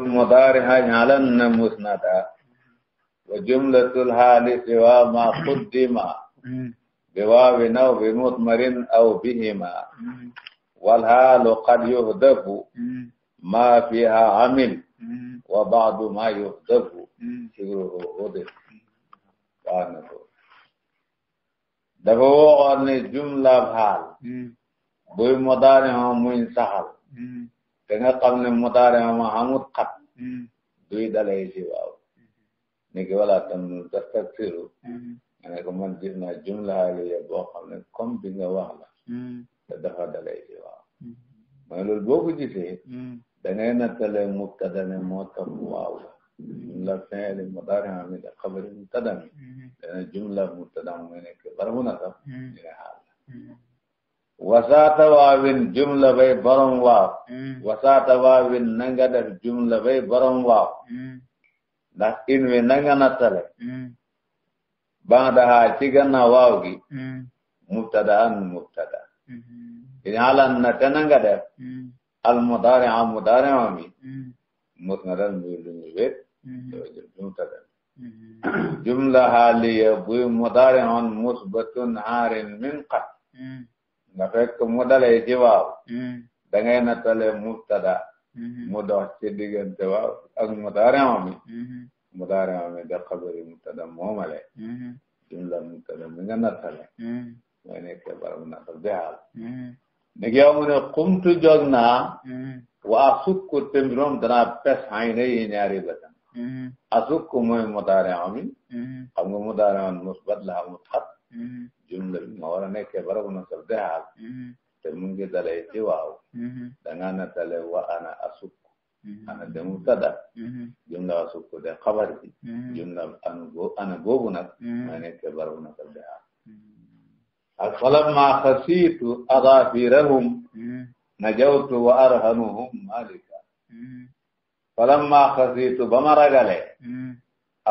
مضارعها جعلن مسندا وجملة الحال سوى ما قدم بواو أو بمضمر أو بهما والحال قد يهدف ما فيها عمل وبعض ما يهدف شغله هدف dafa waxoon ne jumla haal buy mudaari ha muy saxal te nga xam ne motaare ma amut xat mm-hmm. duy dalay waaw mm-hmm. ni ki wala tam tastaktiru mm-hmm. nga man gis naa jumla boo xam ne comme bi wax la dafa dalay waaw mooy loolu boo ko gisee da ngay nattale mubtada ne moo tax waaw la jumla fi'li motaare ma mi da xabari mubtada mi dana jumla mubtada mu nekk barabu na sax ñu ne xaal wasaata waawin jumla bay borom waaw wasaata waawin na nga def jumla bay borom waaw ndax in wi na nga nattale baadaha ci gannaaw waaw gi mubtadaan mubtada in halan na te na nga def al mudaari'a mudaari'a mi musnadan muy lu ñu wét mubtada jumla haaliya buy mudaari'un musbatun haarin min qat nga fekk mu dalee ci waaw hmm. da ngay nattale tada hmm. mu dox ci diggante waaw ak mudaari'u mi hmm. mudaari'u mi de xabari mubtada moomale jumla mubtada mi nga nattale mooy nekk baram nattal bi xaal ni ki yow mu ne xumtu jóg naa waa sukku te mbiroom pes xay na yi ñaari bëtam asukku mooy mudaari'u mi xam nga mudaari'u musbat la xamut xat jumla bi ma war a nekkee barabu nasab de xaal te mu ngi dalee ci waaw da ngaa wa ana asukk ana de mubtada jumla asukk de xabar bi jumla ana googu nag ma nekkee barabu nasab de falamma xasiitu adafirahum najawtu wa arhanuhum malika falamma xasiitu ba ma ragale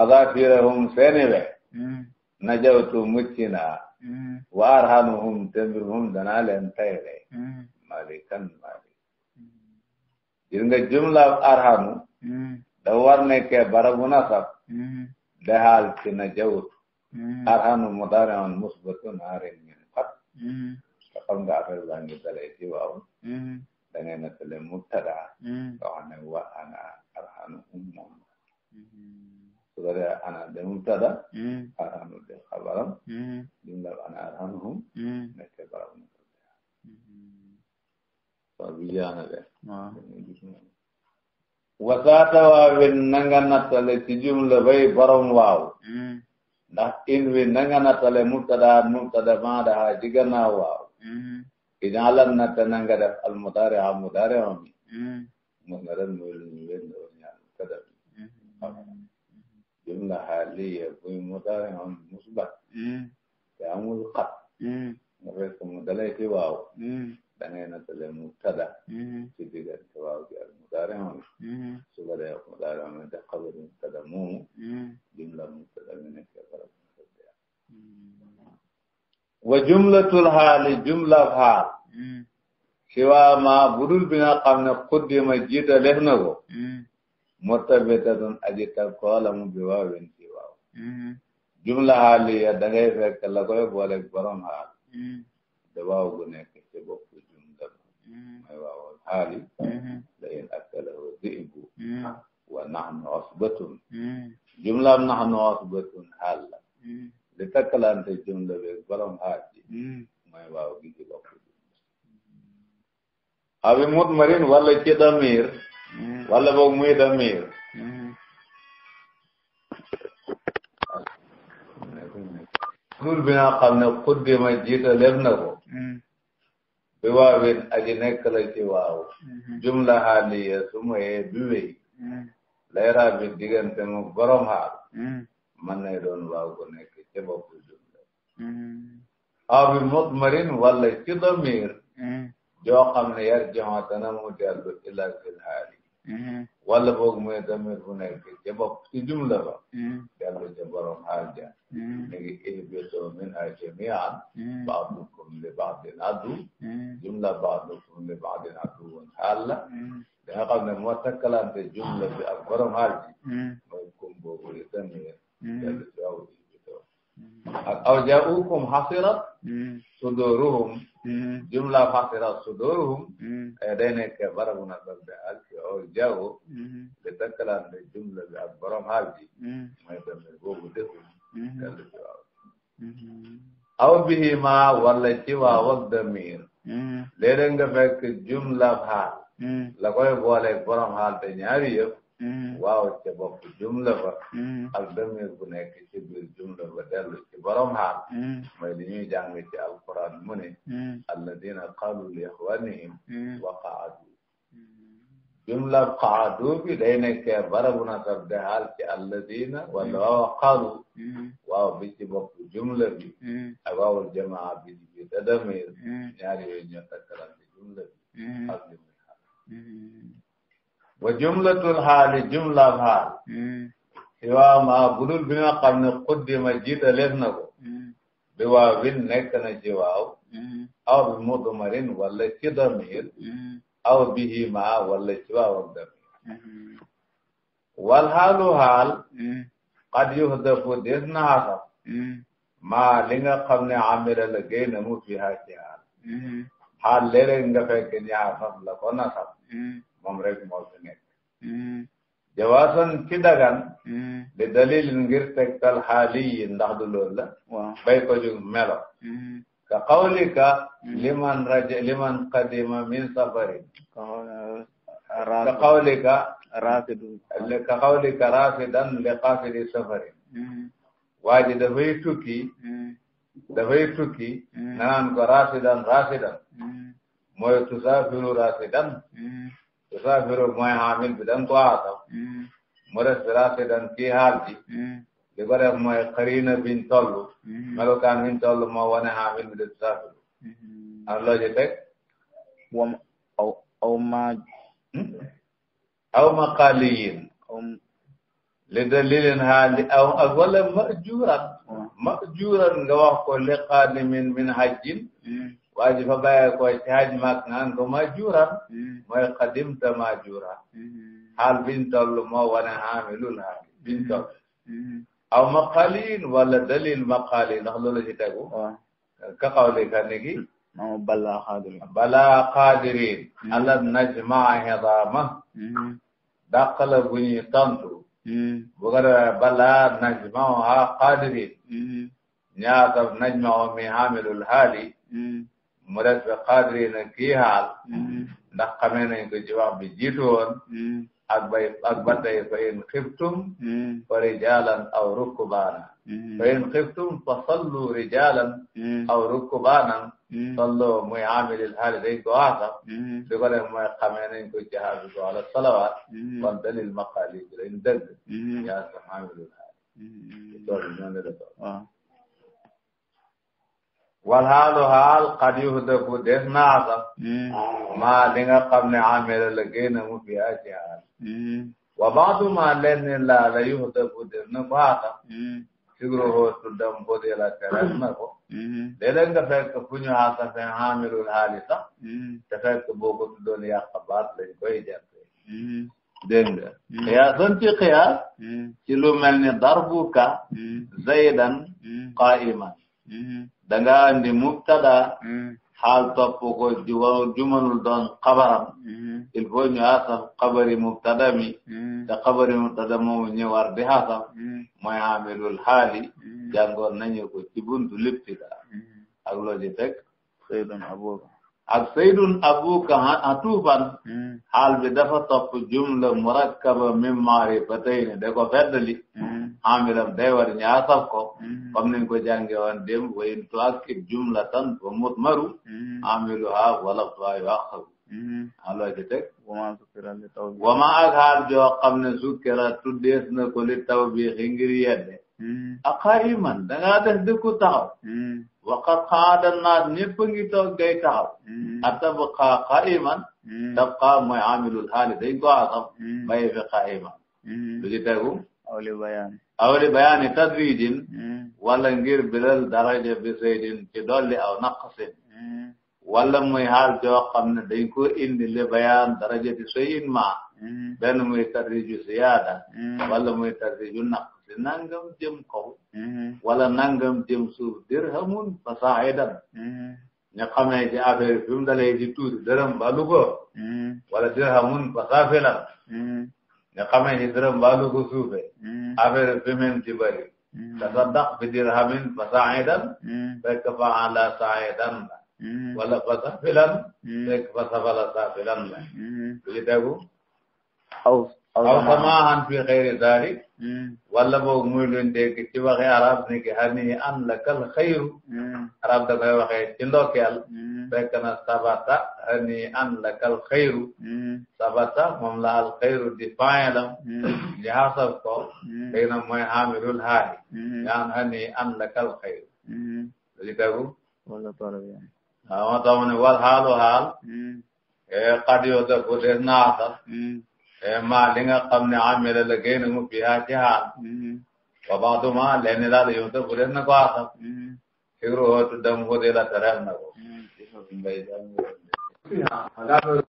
adafirahum najawtu mucc naa mm. wa arhamuhum te mbir hum danaa leen tayle malikan mm. malik mm. gis nga jumla arhamu da war nekkee barabu nasab de haal ci najawtu arhamu mudari'un musbatun arin min qat te xam nga affaire baa ngi dalee ci waaw da ngay nettale mubtada nga xam ne wa ana arhamuhum moom su ko de mubtada arhanu de xabaram jumla ana arhanuhum nekk barab mubtada waa wasaata waa wi nanga nattale ci jumla bay borom waaw ndax in wi nanga nattale mubtada mubtada maa daha ci gannaaw waaw ijaalan natta nanga def al mudaari ha mudaari ha jumla xaaliya buy mudaari am musbat te amul xat mu fekk mu dalay ci waaw da ngay nattale mubtada ci diggante waaw gi ak mudaari am su ko dee mudaari am te xabar mubtada moomu jumla mubtada mi nekk barab mubtada wa jumlatul xaali jumla xaal siwaa ma budul bi nga xam ne xuddima jiitaleef na ko murtabitatun aji takkoo la mu bi waawin ci waaw jumla haaliya da fekk la koy booleeg borom haal da waaw gu nekk ci bopp jumla mooy waawul haali la in akkalahu dibu wa nahnu osbatun jumlaam nahnu osbatun haal la li takkalante jumla beeg borom haal ji mooy waaw gi ci bopp jumla abi mutmarin wala ci damir wala boog muy damir tur bi nga xam ne xuddima jiita lef na ko bi waawin aji nekk ci waaw jumla xaaliya su moyee bi wéy layra bi diggante mu borom xaal man nay doon waaw ko nekk ca bopp jumla aw mutmarin wala ci damir joo xam ne yar joxo dana mu dellu ilaa fil xaali Mm-hmm. wala boog mooy damir bu nekk ca bopp ci jumla ba dellu mm-hmm. ca borom xaal ja ni mm-hmm. ngi ihbitoo minha jamian baadukum li baadin adu jumla baadukum li baadin adu woon xaal la da nga xam ne moo takkalante jumla bi ak borom xaal ji li damir dellu ci aw ihbitoo ak jaaukum xasirat suduruhum jumla xasirat suduruhum eh, day nekk barabu nasab bi aw jaawo mm-hmm. di dëkkalaante jumla bi ak borom xaal ji mm-hmm. mooy damir boobu mm-hmm. defu dellu ci waaw aw bihima ci waaw ak damir léeg fekk jumla xaal la koy boole borom xaal te ñaari yëpp waaw ca bopp jumla ba ak bu nekk ci biir jumla ba dellu ci borom xaal mooy li ñuy jàng ci alquran mu ne alladina qalu li ixwanihim waqaatu jumla qaadu bi day nekk barabu nasab de xaal ci alladina wala waaw xaalu waaw bi ci bopp jumla bi ak waawul jamaa bi bi dadamir ñaari yooyu ñoo takkalan ci jumla bi ak li muy xaal wa jumlatul xaali jumlaab xaal si waaw maa bi nga xam nekk na ci waaw aw bi mudmarin wala ci damir aw bihi ma walla ci waawam dem wal xaalu xaal qad yuhdafu des na xasaf maa li nga xam ne amira la géy na mu fi haa ci xaal xaal léeg-léeg nga fekk ni xasaf la ko nasaf moom rek moo fi nekk jawaasan ci dagan li dalil ngir tegtal xaali yi ndax du loolu la bay ko jug melo ka qawlika liman raja liman qadima min safarin ka qawlika ka qawlika rafidan li qafili safarin waa ji dafay tukki dafay tukki nanaan ko rafidan rafidan mooy tusafiru rafidan tusafiru mooy hamil bi dan ko atam mu des rafidan kii haal ji li ko def mooy xarina biñ toll melokaan biñ toll moo wane xaamil bi di saafilu ak loo ci teg wam aw aw ma aw ma xaaliyin li dalilin xaali aw ak wala majuran majuran nga wax ko li xaadimin min hajjin waa ji fa bàyyee ko ci haj mag naan ko majuran mooy xadimta majuran xaal biñ toll moo wane xaamilul xaali biñ toll aw maqaalin wala dalil maqaalin ndax loolu ci tegu. waaw ka xawli ka ni ki. non balaa qaadirin. balaa qaadirin. Hmm. ala najmaa hidaama. Hmm. dàqala bu ñuy tontu. Hmm. bu ko defee balaa najmaa qaadirin. ñaata najmaa mi xaamilul xaali. mu des ba qaadirin kii xaal. ndax xamee nañ ko ci wax bi jiitu woon. ak bay ak ba tey fa in xiftum hmm. fa rijalan aw rukkubaana hmm. fa in xiftum fa sallu rijalan hmm. aw rukkubaanan sallu muy amilil haali day ko waasa li ko def mooy xamee nañ ko ci hafidu ala salawaat kon dalil maqaali bi lañ dëgg yaa sam amilil haali walhaalu haal qad yuhdaku des naa sax hmm. maa li nga xam ne amela la génn mu fi aji haal hmm. wa baadu maa leen ne laa la yuhdaku des na ko haata sigro hoo tuddam bodela teres na ko hmm. léeg-léeg fekk fu ñu haata fen haamilul haali sax te fekk boo ko tuddoon yàq baat lañ koy jàppe dégg nga xiyaasan ci lu mel ni darbuka zaydan qaiman danga andi mubtada xaal topp ko juwa jumanul doon xabaram il faut ñu asaf xabari mubtada mi te xabari mubtada moomu war di asaf mooy amilul xaali jàngoon nañu ko ci buntu libtida ak loo ci teg saydun abuka ak saydun bi dafa topp jumla murakkaba min maarifatayni da ko feddali amilan day war ñu asaf ko comme nañ ko jànge woon dem wa in tuakib jumlatan wa mutmaru amiluha walaftuha yu axaru aloo ci teg wama ak xaal joo xam ne sukkira tuddees na ko li taw bi ngir yedde aqaiman da ngaa def dëkku taxaw waqat xaada naat ñëpp ngi toog day taxaw atabqa qaiman tabqa mooy amilul xaali dañ ko asaf bàyyi fi qaiman lu ci tegu awli bayaani awli bayaani tadrijin wala ngir bilal daraja bi saydin ci dolli aw naqsin wala muy xaal joo xam ne dañ ko indi li bayaan daraja bi sayin ma benn muy tadriju siyaada wala muy tadriju naqsi nangam jëm kaw wala nangam jëm suuf dirhamun fasaidan ñu xamee ci affaire bi mu dalee ci tuuti dërëm ba lu ko wala dirhamun fasafilan nga xamee ni dërëm baalu ko suufe hmm. affaire semaine ci bëri hmm. tasaddaq bi dirhamin fa hmm. saidan fekk fa ala saidan la wala fa safilan fekk fa safala safilan la li tegu aw aw samaahan fi xayri daalik wala boog muy luñ dégg ci waxe arab ni ki hani an lakal xayru arab da koy waxee ci ndokkeel fekk na sabata hani an lakal xayru sabata moom la al xayru di fa'ilam li xasab ko xëy na mooy xamirul yaan hani an lakal xayru li tegu wala tolo bi waaw moo wal xaalu qad yo def ko des Eh, ma li nga xam ne amila la génn mu fi haa mm-hmm. ci haal wa baadu ma lenn daal yow te bu mm-hmm. dee na ko asam mm-hmm. fikru hootu dam hudila tereel na ko